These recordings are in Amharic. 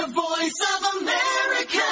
The Voice of America.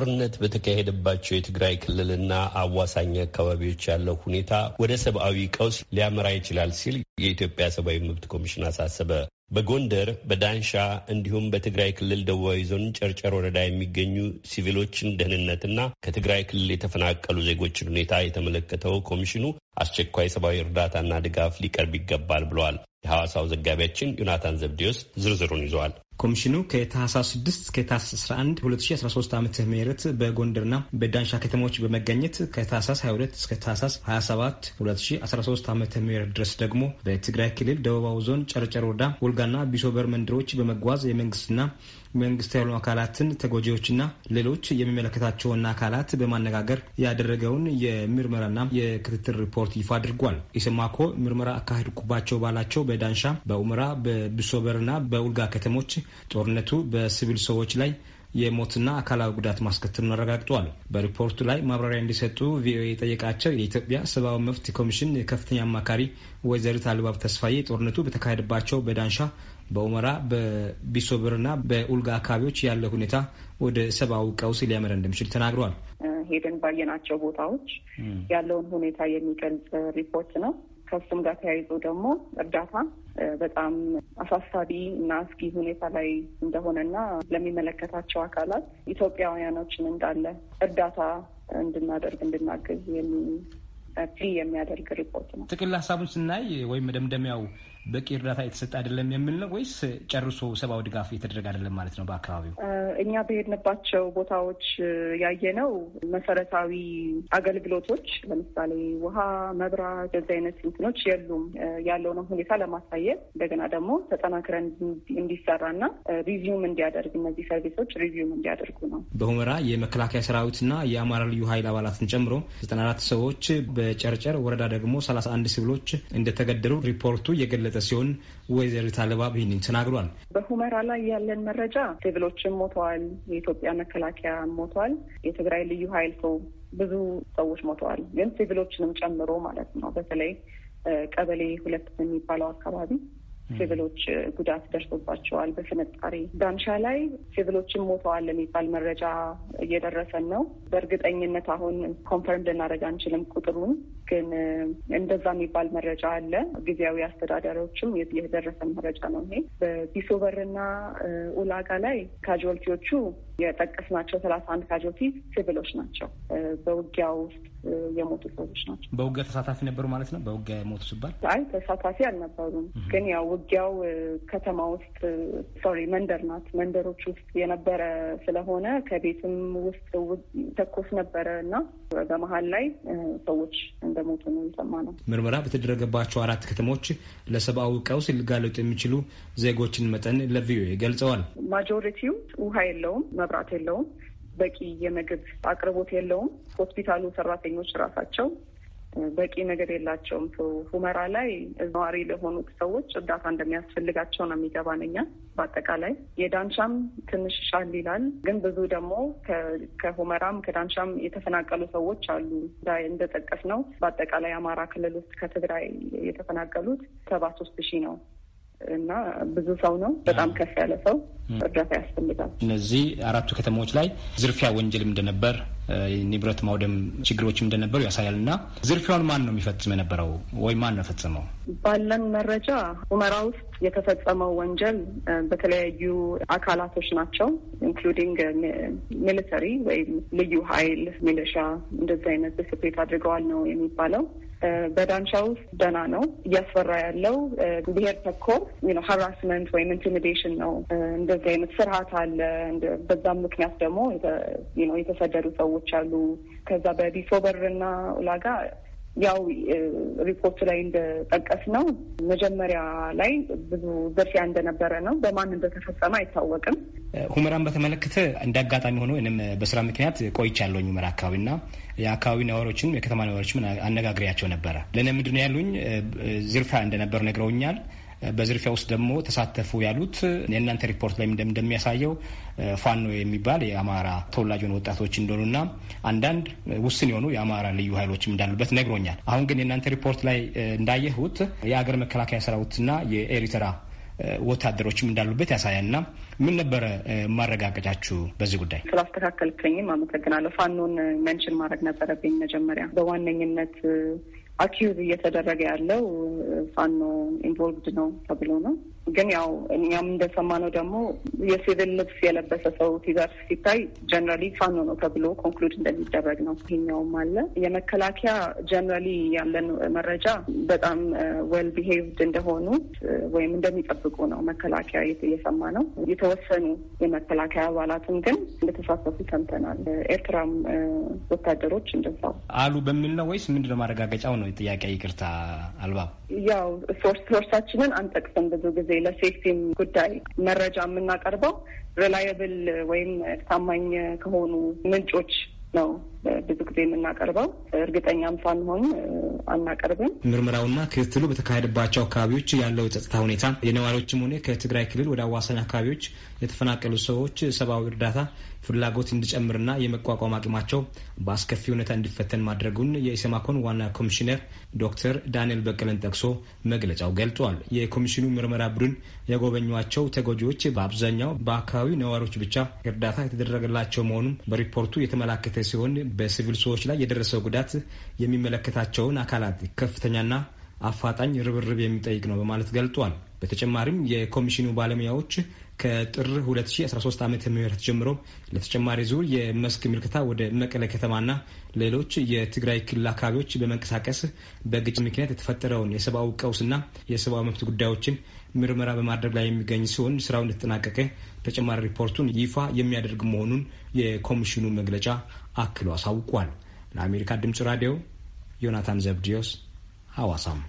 ጦርነት በተካሄደባቸው የትግራይ ክልልና አዋሳኝ አካባቢዎች ያለው ሁኔታ ወደ ሰብአዊ ቀውስ ሊያመራ ይችላል ሲል የኢትዮጵያ ሰብአዊ መብት ኮሚሽን አሳሰበ። በጎንደር በዳንሻ እንዲሁም በትግራይ ክልል ደቡባዊ ዞን ጨርጨር ወረዳ የሚገኙ ሲቪሎችን ደህንነትና ከትግራይ ክልል የተፈናቀሉ ዜጎችን ሁኔታ የተመለከተው ኮሚሽኑ አስቸኳይ ሰብአዊ እርዳታና ድጋፍ ሊቀርብ ይገባል ብለዋል። የሐዋሳው ዘጋቢያችን ዮናታን ዘብዲዮስ ዝርዝሩን ይዘዋል። ኮሚሽኑ ከታህሳስ 6 እስከ ታህሳስ 11 2013 ዓ ም በጎንደርና በዳንሻ ከተሞች በመገኘት ከታህሳስ 22 እስከ ታህሳስ 27 2013 ዓ ም ድረስ ደግሞ በትግራይ ክልል ደቡባዊ ዞን ጨርጨር ወረዳ ወልጋና ቢሾበር መንደሮች በመጓዝ የመንግስትና መንግስት ያሉ አካላትን ተጎጂዎችና ሌሎች የሚመለከታቸውን አካላት በማነጋገር ያደረገውን የምርመራና የክትትል ሪፖርት ይፋ አድርጓል። ኢሰማኮ ምርመራ አካሄድኩባቸው ባላቸው በዳንሻ፣ በኡምራ በብሶበርና በውልጋ ከተሞች ጦርነቱ በሲቪል ሰዎች ላይ የሞትና አካላዊ ጉዳት ማስከተሉን አረጋግጧል። በሪፖርቱ ላይ ማብራሪያ እንዲሰጡ ቪኦኤ የጠየቃቸው የኢትዮጵያ ሰብአዊ መብት ኮሚሽን ከፍተኛ አማካሪ ወይዘሪት አልባብ ተስፋዬ ጦርነቱ በተካሄደባቸው በዳንሻ በኡመራ በቢሶብርና በኡልጋ አካባቢዎች ያለ ሁኔታ ወደ ሰብአዊ ቀውስ ሊያመራ እንደሚችል ተናግረዋል። ሄደን ባየናቸው ቦታዎች ያለውን ሁኔታ የሚገልጽ ሪፖርት ነው። ከሱም ጋር ተያይዞ ደግሞ እርዳታ በጣም አሳሳቢ እና አስጊ ሁኔታ ላይ እንደሆነና ለሚመለከታቸው አካላት ኢትዮጵያውያኖችን እንዳለ እርዳታ እንድናደርግ እንድናገዝ የሚ ፕሪ የሚያደርግ ሪፖርት ነው። ጥቅል ሀሳቡን ስናይ ወይም መደምደሚያው በቂ እርዳታ የተሰጠ አይደለም የሚል ነው ወይስ ጨርሶ ሰብአዊ ድጋፍ የተደረገ አይደለም ማለት ነው? በአካባቢው እኛ በሄድንባቸው ቦታዎች ያየነው መሰረታዊ አገልግሎቶች ለምሳሌ ውሃ፣ መብራት፣ በዚ አይነት እንትኖች የሉም። ያለውን ሁኔታ ለማሳየት እንደገና ደግሞ ተጠናክረን እንዲሰራና ሪቪውም እንዲያደርግ እነዚህ ሰርቪሶች ሪቪውም እንዲያደርጉ ነው። በሁመራ የመከላከያ ሰራዊትና የአማራ ልዩ ኃይል አባላትን ጨምሮ አራት ሰዎች በጨርጨር ወረዳ ደግሞ አንድ ሲቪሎች እንደተገደሉ ሪፖርቱ የገለጸ የተገለጠ ሲሆን ወይዘሪት አለባ ይህንን ተናግሯል። በሁመራ ላይ ያለን መረጃ ሲቪሎችም ሞተዋል፣ የኢትዮጵያ መከላከያ ሞቷል የትግራይ ልዩ ኃይል ሰው ብዙ ሰዎች ሞተዋል። ግን ሲቪሎችንም ጨምሮ ማለት ነው። በተለይ ቀበሌ ሁለት የሚባለው አካባቢ ሲቪሎች ጉዳት ደርሶባቸዋል። በፍንጣሬ ዳንሻ ላይ ሲቪሎችን ሞተዋል የሚባል መረጃ እየደረሰን ነው። በእርግጠኝነት አሁን ኮንፈርም ልናደርግ አንችልም ቁጥሩን ግን እንደዛ የሚባል መረጃ አለ። ጊዜያዊ አስተዳዳሪዎችም የደረሰ መረጃ ነው ይሄ። በቢሶበርና ኡላጋ ላይ ካጅዋልቲዎቹ የጠቀስናቸው ሰላሳ አንድ ካጆልቲ ሲቪሎች ናቸው በውጊያ ውስጥ የሞቱ ሰዎች ናቸው። በውጊያ ተሳታፊ ነበሩ ማለት ነው። በውጊያ የሞቱ ሲባል አይ ተሳታፊ አልነበሩም፣ ግን ያው ውጊያው ከተማ ውስጥ ሶሪ መንደር ናት መንደሮች ውስጥ የነበረ ስለሆነ ከቤትም ውስጥ ተኮስ ነበረ እና በመሀል ላይ ሰዎች እንደሞቱ ነው የሰማነው። ምርመራ በተደረገባቸው አራት ከተሞች ለሰብአዊ ቀውስ ሊጋለጡ የሚችሉ ዜጎችን መጠን ለቪኦኤ ገልጸዋል። ማጆሪቲው ውሃ የለውም፣ መብራት የለውም በቂ የምግብ አቅርቦት የለውም። ሆስፒታሉ ሰራተኞች ራሳቸው በቂ ነገር የላቸውም። ሁመራ ላይ ነዋሪ ለሆኑት ሰዎች እርዳታ እንደሚያስፈልጋቸው ነው የሚገባን እኛ። በአጠቃላይ የዳንሻም ትንሽ ሻል ይላል፣ ግን ብዙ ደግሞ ከሁመራም ከዳንሻም የተፈናቀሉ ሰዎች አሉ። እንደጠቀስ ነው በአጠቃላይ አማራ ክልል ውስጥ ከትግራይ የተፈናቀሉት ሰባ ሶስት ሺህ ነው። እና ብዙ ሰው ነው። በጣም ከፍ ያለ ሰው እርዳታ ያስፈልጋል። እነዚህ አራቱ ከተሞች ላይ ዝርፊያ ወንጀልም እንደነበር ንብረት ማውደም ችግሮችም እንደነበሩ ያሳያል። እና ዝርፊያውን ማን ነው የሚፈጽም የነበረው ወይ ማን ነው ፈጽመው? ባለን መረጃ ሁመራ ውስጥ የተፈጸመው ወንጀል በተለያዩ አካላቶች ናቸው። ኢንክሉዲንግ ሚሊተሪ ወይም ልዩ ኃይል ሚሊሻ እንደዚህ አይነት ዲስፕሊት አድርገዋል ነው የሚባለው በዳንሻ ውስጥ ደህና ነው። እያስፈራ ያለው ብሄር ተኮር ሀራስመንት ወይም ኢንቲሚዴሽን ነው። እንደዚህ አይነት ፍርሃት አለ። በዛም ምክንያት ደግሞ የተሰደዱ ሰዎች አሉ። ከዛ በቢሶበር እና ኡላጋ ያው ሪፖርት ላይ እንደጠቀስ ነው መጀመሪያ ላይ ብዙ ዝርፊያ እንደነበረ ነው። በማን እንደተፈጸመ አይታወቅም። ሁመራን በተመለከተ እንደ አጋጣሚ ሆኖ ወይም በስራ ምክንያት ቆይቻለሁኝ ሁመራ አካባቢ እና የአካባቢ ነዋሪዎችን የከተማ ነዋሪዎችን አነጋግሬያቸው ነበረ። ለእነ ምንድን ያሉኝ ዝርፊያ እንደነበር ነግረውኛል። በዝርፊያ ውስጥ ደግሞ ተሳተፉ ያሉት የእናንተ ሪፖርት ላይ እንደሚያሳየው ፋኖ የሚባል የአማራ ተወላጅ የሆኑ ወጣቶች እንደሆኑና አንዳንድ ውስን የሆኑ የአማራ ልዩ ኃይሎችም እንዳሉበት ነግሮኛል። አሁን ግን የእናንተ ሪፖርት ላይ እንዳየሁት የአገር መከላከያ ሰራዊትና የኤሪትራ ወታደሮችም እንዳሉበት ና ምን ነበረ ማረጋገጫችሁ በዚህ ጉዳይ? ስላስተካከልከኝም አመሰግናለሁ። ፋኖን መንሽን ማድረግ ነበረብኝ መጀመሪያ በዋነኝነት አኪዩዝ እየተደረገ ያለው ፋኖ ኢንቮልቭድ ነው ተብሎ ነው። ግን ያው እኛም እንደሰማነው ደግሞ የሲቪል ልብስ የለበሰ ሰው ሲዘርፍ ሲታይ ጀነራሊ ፋኖ ነው ተብሎ ኮንክሉድ እንደሚደረግ ነው። ይሄኛውም አለ። የመከላከያ ጀነራሊ ያለን መረጃ በጣም ዌል ቢሄቭድ እንደሆኑ ወይም እንደሚጠብቁ ነው መከላከያ እየሰማ ነው። የተወሰኑ የመከላከያ አባላትም ግን እንደተሳተፉ ሰምተናል። ኤርትራም ወታደሮች እንደዛው አሉ በሚል ነው ወይስ ምንድነው ማረጋገጫው ነው? ጥያቄ ይቅርታ አልባ ያው ሶርሳችንን አንጠቅስም ብዙ ጊዜ ለሴፍቲም ጉዳይ መረጃ የምናቀርበው ሪላየብል ወይም ታማኝ ከሆኑ ምንጮች ነው ብዙ ጊዜ የምናቀርበው። እርግጠኛም ሳንሆን አናቀርብም። ምርመራውና ክትትሉ በተካሄደባቸው አካባቢዎች ያለው የጸጥታ ሁኔታ የነዋሪዎችም ሆነ ከትግራይ ክልል ወደ አዋሳኝ አካባቢዎች የተፈናቀሉ ሰዎች ሰብአዊ እርዳታ ፍላጎት እንዲጨምርና የመቋቋም አቅማቸው በአስከፊ ሁኔታ እንዲፈተን ማድረጉን የኢሰማኮን ዋና ኮሚሽነር ዶክተር ዳንኤል በቀለን ጠቅሶ መግለጫው ገልጧል። የኮሚሽኑ ምርመራ ቡድን የጎበኟቸው ተጎጂዎች በአብዛኛው በአካባቢው ነዋሪዎች ብቻ እርዳታ የተደረገላቸው መሆኑን በሪፖርቱ የተመላከተ ሲሆን በሲቪል ሰዎች ላይ የደረሰው ጉዳት የሚመለከታቸውን አካል አካላት ከፍተኛና አፋጣኝ ርብርብ የሚጠይቅ ነው በማለት ገልጧል። በተጨማሪም የኮሚሽኑ ባለሙያዎች ከጥር 2013 ዓ ም ጀምሮ ለተጨማሪ ዙር የመስክ ምልክታ ወደ መቀለ ከተማና ሌሎች የትግራይ ክልል አካባቢዎች በመንቀሳቀስ በግጭት ምክንያት የተፈጠረውን የሰብአዊ ቀውስና የሰብአዊ መብት ጉዳዮችን ምርመራ በማድረግ ላይ የሚገኝ ሲሆን ስራው እንደተጠናቀቀ ተጨማሪ ሪፖርቱን ይፋ የሚያደርግ መሆኑን የኮሚሽኑ መግለጫ አክሎ አሳውቋል። ለአሜሪካ ድምጽ ራዲዮ ዮናታን ዘብዲዮስ ሐዋሳም